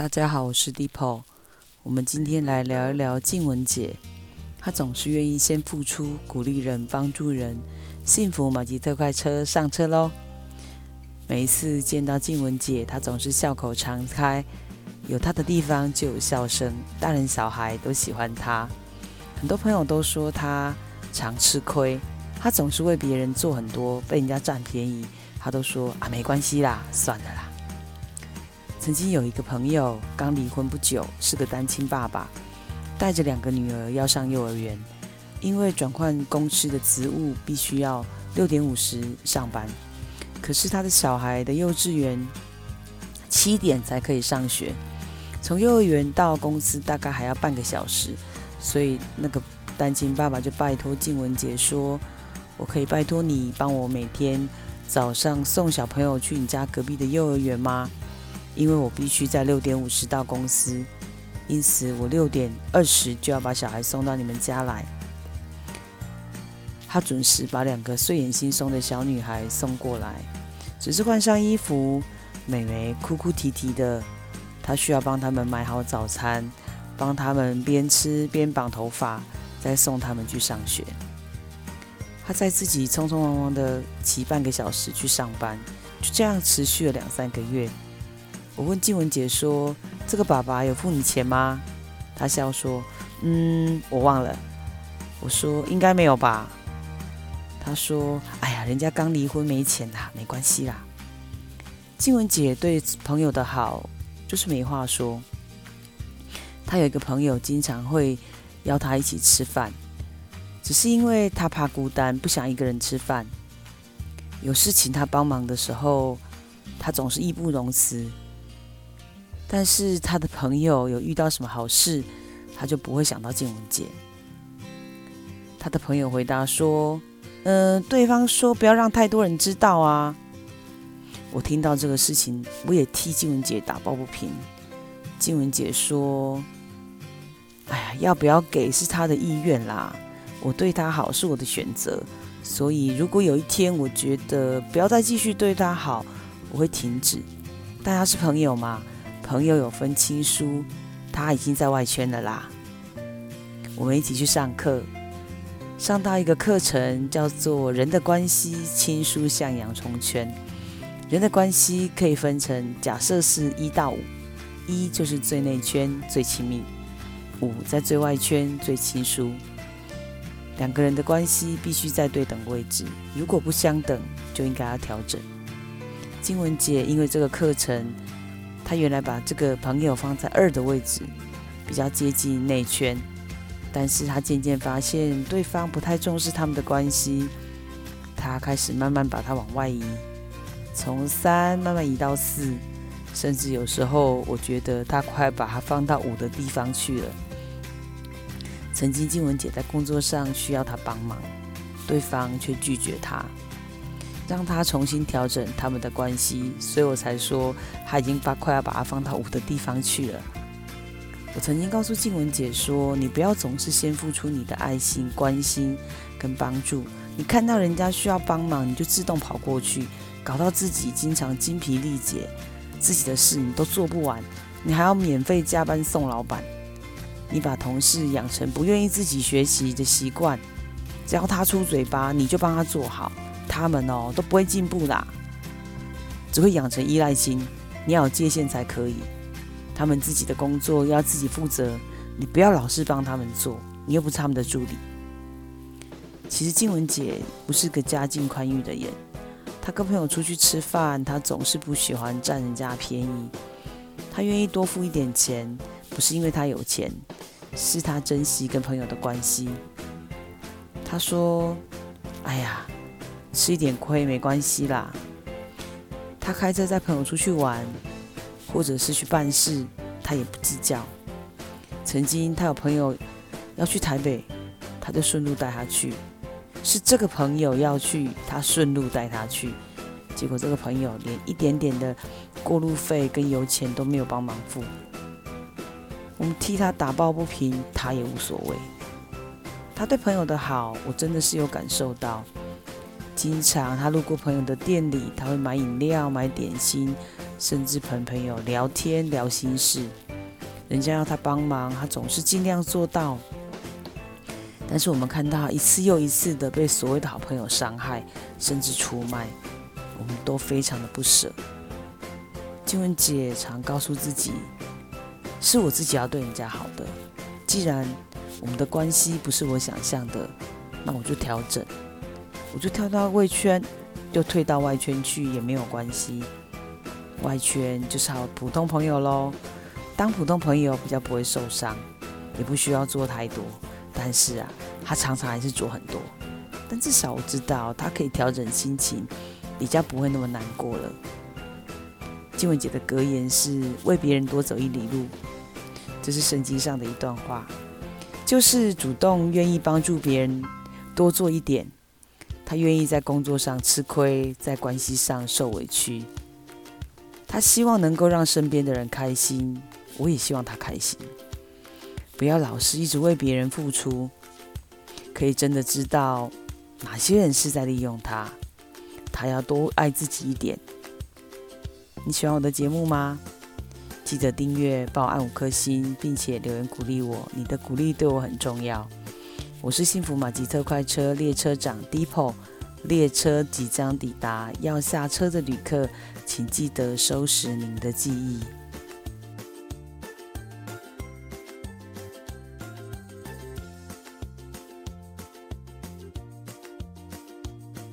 大家好，我是 Deepo，我們今天來聊一聊靜雯姐。她總是願意先付出，鼓勵人，幫助人，幸福馬吉特快車上車嘍！每一次見到靜雯姐，她總是笑口常開，有她的地方就有笑聲，大人小孩都喜歡她。很多朋友都說她常吃虧，她總是為別人做很多，被人家占便宜，她都說啊，沒關係啦，算了啦。曾經有一個朋友剛離婚不久，是個單親爸爸，帶着兩個女兒要上幼兒園。因為轉換公司的職務，必須要六點五十上班，可是他的小孩的幼稚園七點才可以上學。從幼兒園到公司大概還要半個小時，所以那個單親爸爸就拜托靜雯姐說：“我可以拜托你幫我每天早上送小朋友去你家隔壁的幼兒園嗎？”因為我必須在六點五十到公司，因此我六點二十就要把小孩送到你們家來。他準時把兩個睡眼惺忪的小女孩送過來，只是換上衣服，妹妹哭哭啼啼的。他需要幫他們買好早餐，幫他們邊吃邊綁頭髮，再送他們去上學。他在自己匆匆忙忙的騎半個小時去上班，就這樣持續了兩三個月。我問靜雯姐說：“這個爸爸有付你錢嗎？”她笑說：“嗯，我忘了。”我說：“應該沒有吧？”她說：“哎呀，人家剛離婚沒錢啦，沒關係啦。”靜雯姐對朋友的好就是沒話說。她有一個朋友經常會邀她一起吃飯，只是因為她怕孤單，不想一個人吃飯。有事請她幫忙的時候，她總是義不容辭。但是他的朋友有遇到什麼好事，他就不會想到靜雯姐。他的朋友回答說：“嗯、呃，對方說不要讓太多人知道啊。”我聽到這個事情，我也替靜雯姐打抱不平。靜雯姐說：“哎呀，要不要給是他的意願啦，我對他好是我的選擇。所以如果有一天我覺得不要再繼續對他好，我會停止。大家是朋友嘛。”朋友有分親疏，他已經在外圈了啦。我們一起去上課，上到一個課程叫做《人的關係親疏像洋蔥圈》。人的關係可以分成，假設是一到五，一就是最內圈最親密，五在最外圈最親疏。兩個人的關係必須在對等位置，如果不相等，就應該要調整。靜雯姐因為這個課程。他原來把這個朋友放在二的位置，比較接近內圈，但是他漸漸發現對方不太重視他們的關係，他開始慢慢把他往外移，從三慢慢移到四，甚至有時候我覺得他快把他放到五的地方去了。曾經靜雯姐在工作上需要他幫忙，對方卻拒絕他。讓他重新調整他們的關係，所以我才說他已經把快要把他放到我的地方去了。我曾經告訴靜雯姐說，你不要總是先付出你的愛心、關心跟幫助。你看到人家需要幫忙，你就自動跑過去，搞到自己經常精疲力竭，自己的事你都做不完，你還要免費加班送老板。你把同事養成不願意自己學習的習慣，只要他出嘴巴，你就幫他做好。他們哦都不會進步啦，只會養成依賴心。你要有界限才可以。他們自己的工作要自己負責，你不要老是幫他們做，你又不是他們的助理。其實靜雯姐不是個家境寬裕的人，她跟朋友出去吃飯，她總是不喜歡佔人家便宜。她願意多付一點錢，不是因為她有錢，是她珍惜跟朋友的關係。她說：“哎呀。”吃一點虧沒關係啦。他開車載朋友出去玩，或者是去辦事，他也不計較。曾經他有朋友要去台北，他就順路帶他去。是這個朋友要去，他順路帶他去。結果這個朋友連一點點的過路費跟油錢都沒有幫忙付。我們替他打抱不平，他也無所謂。他對朋友的好，我真的是有感受到。經常他路過朋友的店裡，他會買飲料、買點心，甚至陪朋友聊天、聊心事。人家要他幫忙，他總是盡量做到。但是我們看到一次又一次的被所謂的好朋友傷害，甚至出賣，我們都非常的不捨。靜雯姐常告訴自己，是我自己要對人家好的。既然我們的關係不是我想象的，那我就調整。我就跳到外圈，就退到外圈去也沒有關係。外圈就是好普通朋友嘍，當普通朋友比較不會受傷，也不需要做太多。但是啊，他常常還是做很多。但至少我知道，他可以調整心情，比較不會那麼難過了。靜雯姐的格言是“為別人多走一里路”，這是聖經上的一段話，就是主動願意幫助別人多做一點。他願意在工作上吃虧，在關係上受委屈。他希望能夠讓身邊的人開心，我也希望他開心。不要老是一直為別人付出，可以真的知道哪些人是在利用他。他要多愛自己一點。你喜歡我的節目嗎？記得訂閱、幫我按五顆星，並且留言鼓勵我。你的鼓勵對我很重要。我是幸福馬吉特快車列車長 Dipo，列車即將抵達，要下車的旅客，請記得收拾您的記憶。